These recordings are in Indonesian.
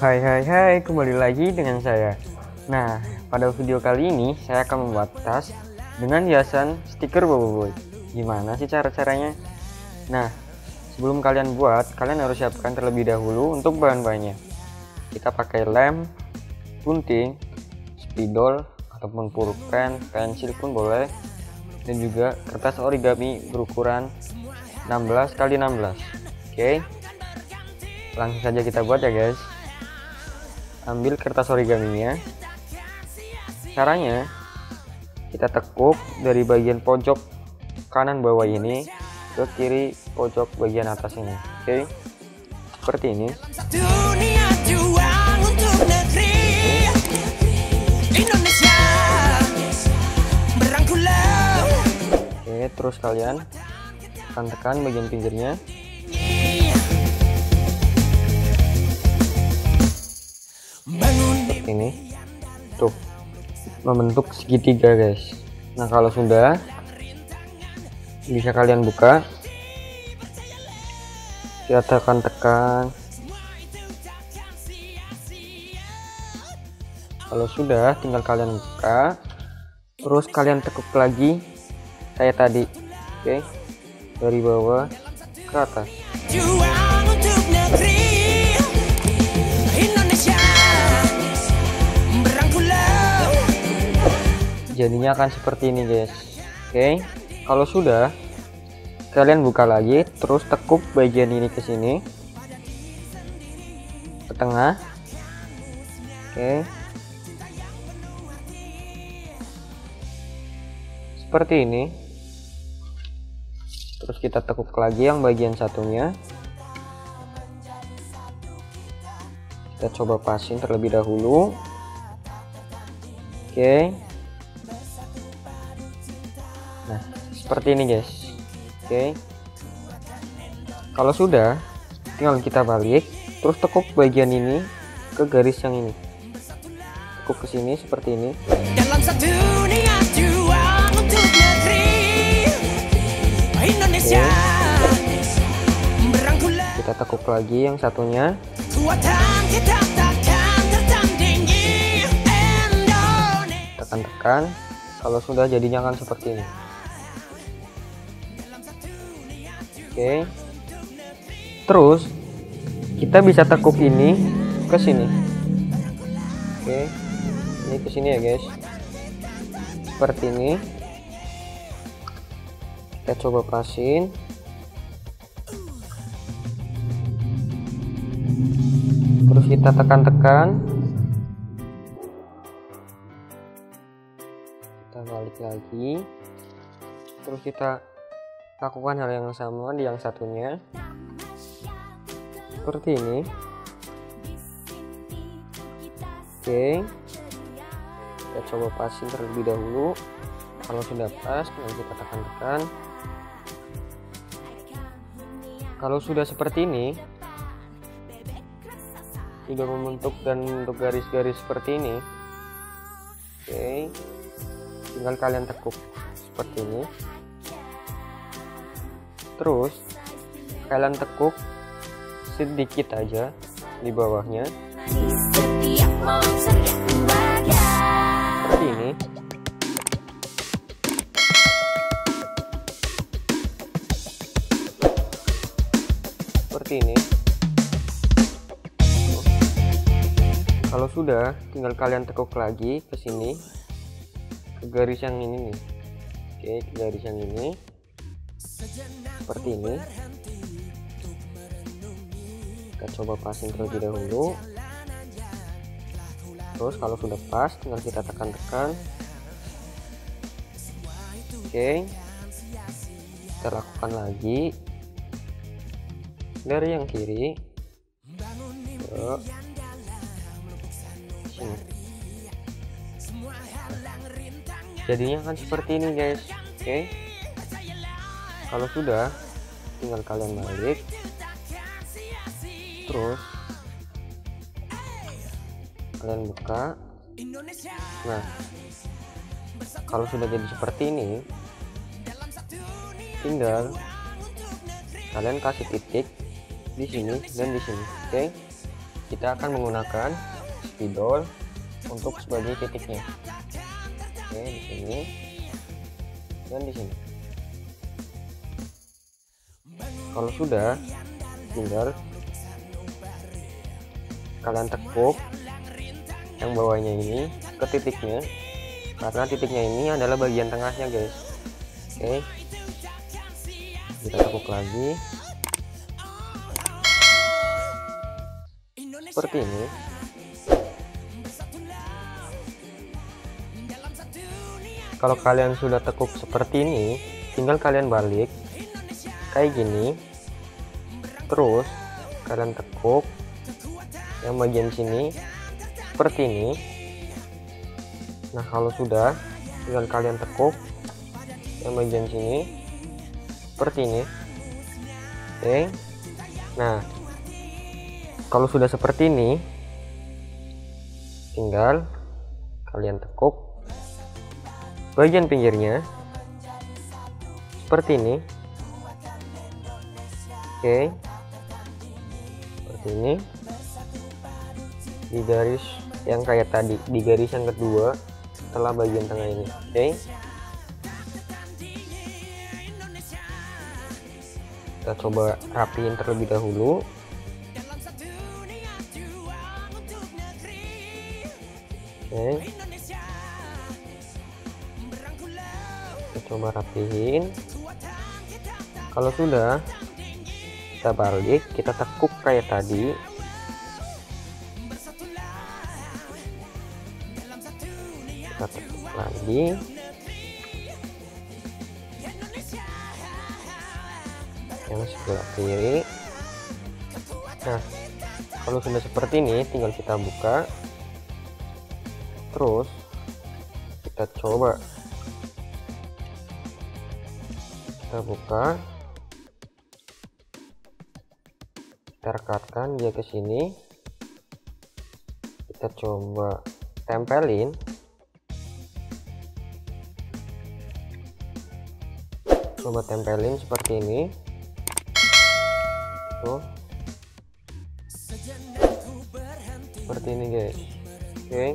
Hai hai hai, kembali lagi dengan saya. Nah, pada video kali ini saya akan membuat tas dengan hiasan stiker Bobo Boy. Gimana sih cara-caranya? Nah, sebelum kalian buat, kalian harus siapkan terlebih dahulu untuk bahan-bahannya. Kita pakai lem, gunting, spidol, ataupun pulpen, pensil pun boleh, dan juga kertas origami berukuran 16 x 16 oke okay. langsung saja kita buat ya guys ambil kertas origaminya caranya kita tekuk dari bagian pojok kanan bawah ini ke kiri pojok bagian atas ini oke okay? seperti ini oke terus kalian tekan-tekan bagian pinggirnya ini tuh membentuk segitiga guys nah kalau sudah bisa kalian buka kita tekan-tekan kalau sudah tinggal kalian buka terus kalian tekuk lagi saya tadi oke okay? dari bawah ke atas jadinya akan seperti ini guys oke okay. kalau sudah kalian buka lagi terus tekuk bagian ini ke sini ke tengah oke okay. seperti ini terus kita tekuk lagi yang bagian satunya kita coba pasin terlebih dahulu oke okay. seperti ini guys oke okay. kalau sudah tinggal kita balik terus tekuk bagian ini ke garis yang ini tekuk ke sini seperti ini Oke. okay. kita tekuk lagi yang satunya tekan-tekan kalau sudah jadinya akan seperti ini okay. terus kita bisa tekuk ini ke sini oke okay. ini ke sini ya guys seperti ini kita coba pasin terus kita tekan-tekan kita balik lagi terus kita lakukan hal yang sama di yang satunya seperti ini oke kita coba pasin terlebih dahulu kalau sudah pas kemudian kita tekan-tekan kalau sudah seperti ini sudah membentuk dan untuk garis-garis seperti ini oke tinggal kalian tekuk seperti ini terus kalian tekuk sedikit aja di bawahnya seperti ini seperti ini kalau sudah tinggal kalian tekuk lagi ke sini ke garis yang ini nih oke garis yang ini seperti ini kita coba pasing terlebih dahulu terus kalau sudah pas tinggal kita tekan-tekan oke okay. kita lakukan lagi dari yang kiri ke sini jadinya akan seperti ini guys oke okay kalau sudah tinggal kalian balik terus kalian buka nah kalau sudah jadi seperti ini tinggal kalian kasih titik di sini dan di sini oke okay? kita akan menggunakan spidol untuk sebagai titiknya oke okay, di sini dan di sini kalau sudah tinggal kalian tekuk yang bawahnya ini ke titiknya karena titiknya ini adalah bagian tengahnya guys oke okay. kita tekuk lagi seperti ini kalau kalian sudah tekuk seperti ini tinggal kalian balik kayak gini terus kalian tekuk yang bagian sini seperti ini nah kalau sudah tinggal kalian tekuk yang bagian sini seperti ini oke nah kalau sudah seperti ini tinggal kalian tekuk bagian pinggirnya seperti ini oke seperti ini di garis yang kayak tadi di garis yang kedua setelah bagian tengah ini oke kita coba rapiin terlebih dahulu oke kita coba rapihin kalau sudah bisa balik kita tekuk kayak tadi kita tekuk lagi yang sebelah kiri nah kalau sudah seperti ini tinggal kita buka terus kita coba kita buka kita rekatkan dia ke sini kita coba tempelin coba tempelin seperti ini tuh seperti ini guys oke okay.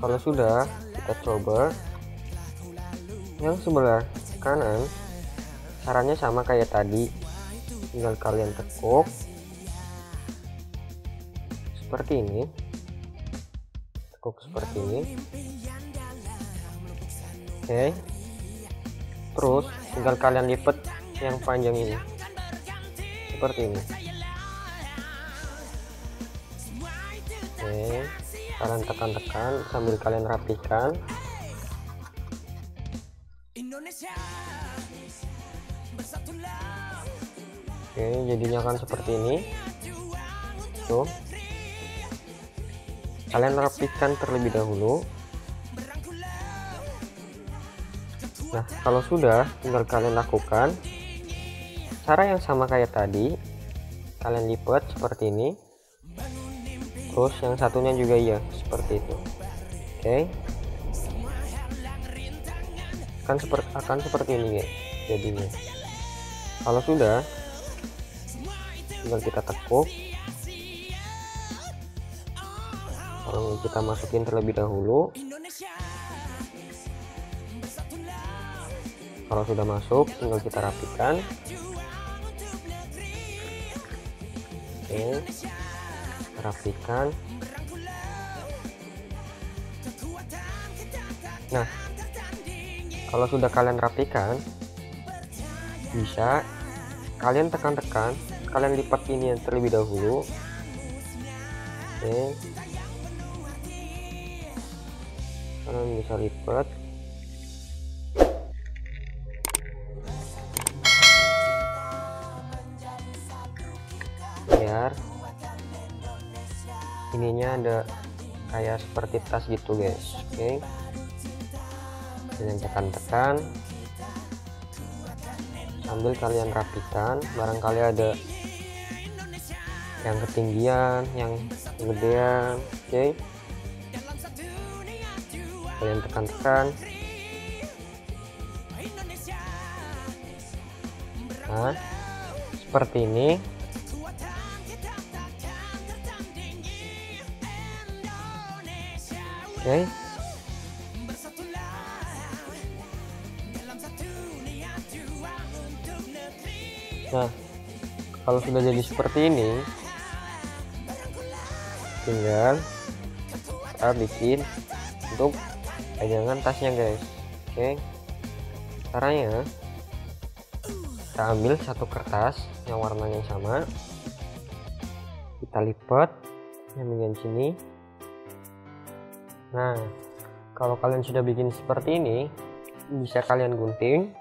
kalau sudah kita coba yang sebelah kanan caranya sama kayak tadi tinggal kalian tekuk seperti ini tekuk seperti ini oke okay. terus tinggal kalian lipat yang panjang ini seperti ini oke okay. kalian tekan-tekan sambil kalian rapikan oke jadinya akan seperti ini tuh kalian rapikan terlebih dahulu nah kalau sudah tinggal kalian lakukan cara yang sama kayak tadi kalian lipat seperti ini terus yang satunya juga iya seperti itu oke Kan akan seperti akan seperti ini ya jadinya kalau sudah tinggal kita tekuk lalu kita masukin terlebih dahulu kalau sudah masuk tinggal kita rapikan oke rapikan nah kalau sudah kalian rapikan bisa kalian tekan-tekan kalian lipat ini yang terlebih dahulu oke okay. kalian bisa lipat biar ininya ada kayak seperti tas gitu guys oke okay. kalian tekan-tekan sambil kalian rapikan barangkali ada yang ketinggian yang gedean oke okay. kalian tekan-tekan nah seperti ini oke okay. Nah, kalau sudah jadi seperti ini, tinggal kita ah, bikin untuk pegangan tasnya guys oke caranya kita ambil satu kertas yang warnanya sama kita lipat yang bagian sini nah kalau kalian sudah bikin seperti ini bisa kalian gunting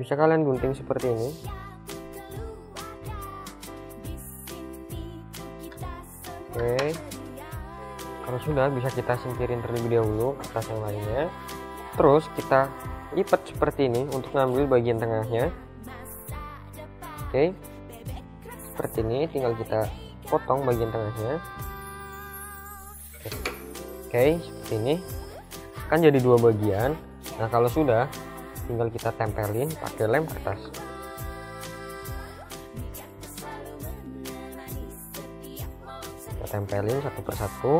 bisa kalian gunting seperti ini Oke. Kalau sudah bisa kita singkirin terlebih dahulu kertas yang lainnya. Terus kita lipat seperti ini untuk ngambil bagian tengahnya. Oke. Seperti ini tinggal kita potong bagian tengahnya. Oke, Oke seperti ini. Kan jadi dua bagian. Nah, kalau sudah tinggal kita tempelin pakai lem kertas. tempelin satu persatu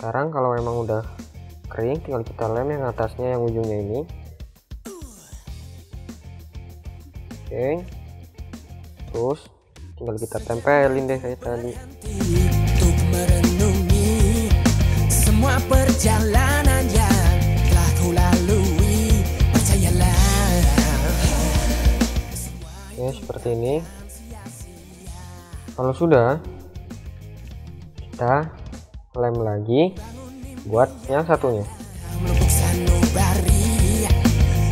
sekarang kalau emang udah kering tinggal kita lem yang atasnya yang ujungnya ini oke terus tinggal kita tempelin deh kayak tadi semua perjalanan ya seperti ini kalau sudah kita lem lagi buat yang satunya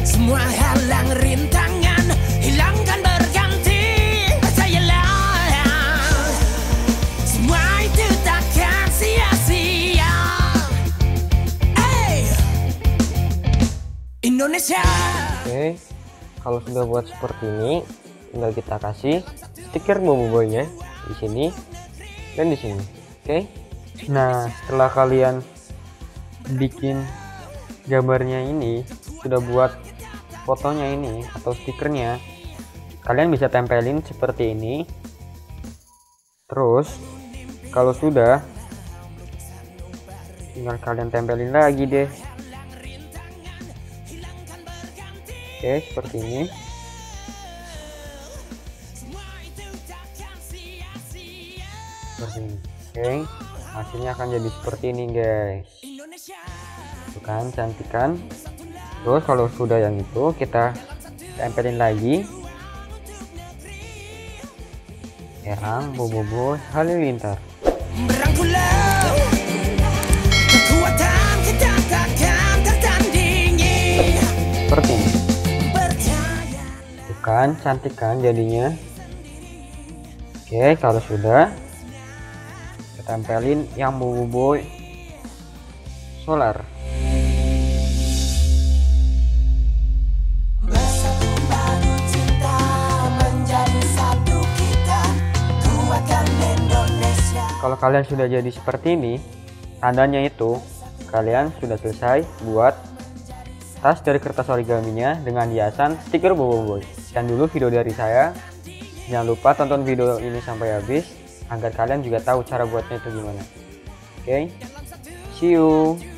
semua halang rintangan hilangkan berganti semua itu takkan sia-sia Indonesia oke kalau sudah buat seperti ini tinggal kita kasih stiker bumbunya di sini dan di sini oke okay? nah setelah kalian bikin gambarnya ini sudah buat fotonya ini atau stikernya kalian bisa tempelin seperti ini terus kalau sudah tinggal kalian tempelin lagi deh oke seperti ini seperti ini oke okay? hasilnya akan jadi seperti ini guys itu kan cantik kan terus kalau sudah yang itu kita tempelin lagi Erang Bobobo Halilintar Seperti ini Bukan, cantik kan jadinya Oke, kalau sudah tempelin yang bobo solar kalau kalian sudah jadi seperti ini tandanya itu kalian sudah selesai buat tas dari kertas origaminya dengan hiasan stiker bobo boy dan dulu video dari saya jangan lupa tonton video ini sampai habis agar kalian juga tahu cara buatnya itu gimana. Oke, okay? see you.